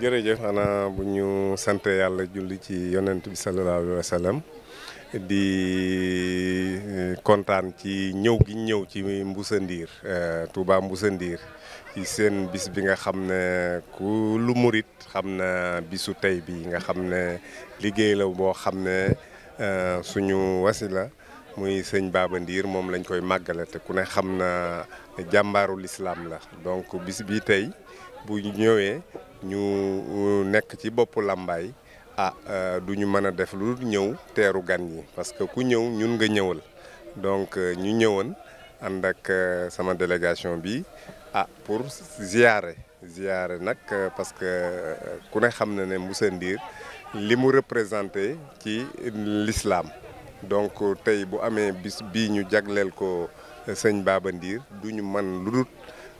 jërëjëf xanaa bu ñu sant yàlla julli ci yonent bi sallallahu alayhi di eh, kontaan ci ñëw gi ñëw ci Mboussandir eh, Touba Mboussandir ci seen bis bi nga xam ne ku lu murit xam na bisu tey bi nga xam ne liggéey la boo xam ne eh, suñu la muy sëñ Baba moom lañ koy màggale te ku ne xam na jàmbaaru lislaam la donc bis bi tey bu ñëwee ñu euh, nekk ci boppu làmbaay ah euh, du ñu mën a def lu ñëw teeru gan yi parce que ku ñëw ñun nga ñëwal donc euh, ñu ñëwoon ànd ak sama délégation bi a ah, pour ziyaare ziyaare nag parce que ku ne xam na ne Moussa Ndir li mu représenté ci lislaam donc euh, tey bu amee bis bii ñu jagleel ko euh, sëñ Baba du ñu man lu dul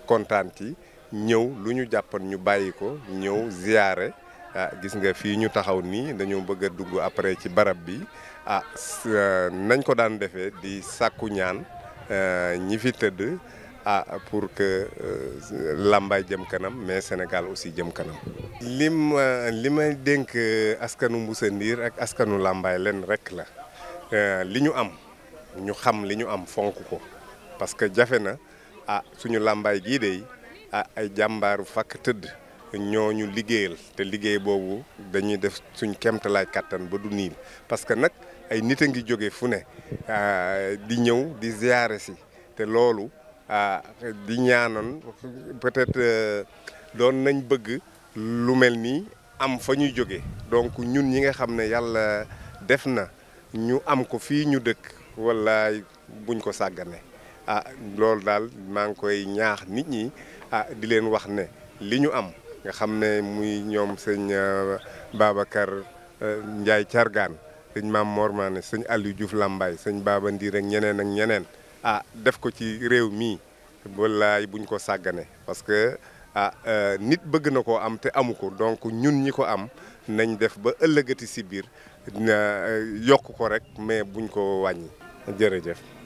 kontaan ci ñëw lu ñu jàppan ñu bàyyi ko ñëw ziyaare ah, gis nga fii ñu taxaw nii dañoo bëgg a dugg après ci barab bi ah euh, nañ ko daan defee di sàkku ñaan ñi fi tëdd ah pour que Lambaye jëm kanam mais Sénégal aussi jëm kanam. lim li may dénk askanu Mboussa Ndir ak askanu Lambaye lenn rek la. Euh, li ñu am ñu xam li ñu am fonk ko parce que jafe na a ah, suñu làmbaay gii de ah ay jàmbaaru fàkk tëdd ñoo ñu liggéeyal te liggéey boobu dañuy def suñ kemtalaay kàttan ba du niil parce que nag ay nit a ngi jóge fu ne ah, di ñëw di ziyaare si te loolu ah, di ñaanoon peut-être euh, doon nañ bëgg lu mel nii am fa ñuy jóge donc ñun ñi nga xam ne yàlla def na ñu am ko fii ñu dëkk wallaay buñ ko sàggane ah loolu daal maa ngi koy ñaax nit ñi ah di leen wax ne li ñu am nga xam ne muy ñoom sëñ euh, Babacar euh, Ndiaye Cargaan sëñ Maam Mor Mané sëñ Aliou Diouf làmbaay sëñ Baba Ndiir ak ñeneen ak ñeneen ah def ko ci réew mii wallaay buñ ko sàggane parce que ah euh, nit bëgg na koo am te amu ko donc ñun ñi ko am nañ def ba ëllëgati si dina yokk ko rek mais buñ ko wàññi jërëjëf